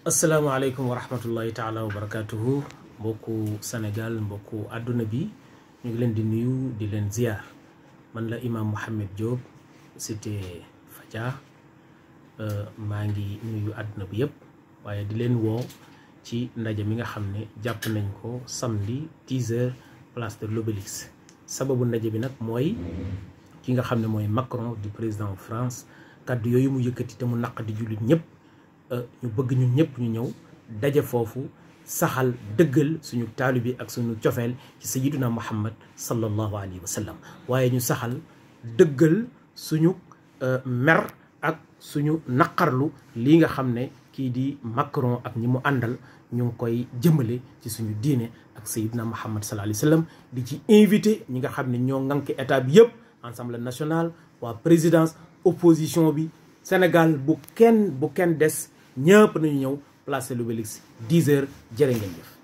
asalaamaaleykum wa rahmatullahi taala wa barakaatuhu mbokku senegal mbokku àdduna bi ñu ngi leen di nuyu di leen ziar man la imam Mouhamed Diop cité Fadia euh, maa ngi nuyu àdduna bi yëpp waaye di leen woo ci ndaje mi nga xam ne jàpp nañ ko samedi 10h place de l'Obélisque sababu ndaje bi nag mooy ki nga xam ne mooy Macron du président France kàddu yooyu mu yëkkati te mu naq di jullit ñëpp. Euh, ñu bëgg ñu ñëpp ñu ñëw daje foofu saxal dëggal suñu taali bi ak suñu cofeel ci sayiduna muhammad sallallahu alayhi wa waaye ñu saxal dëggal suñu euh, mer ak suñu naqarlu lii nga xam ne kii di Macron ak ñi mu àndal ñu ngi koy jëmale ci suñu diine ak sayiduna muhammad sallallahu alayhi di ci invité ñi nga xam ne ñoo ŋànk état bi yëpp assemblée national waa présidence opposition bi Sénégal bu kenn bu kenn des ñëpp nañu ñëw place de l'Obélisque 10 heures jërë ngeen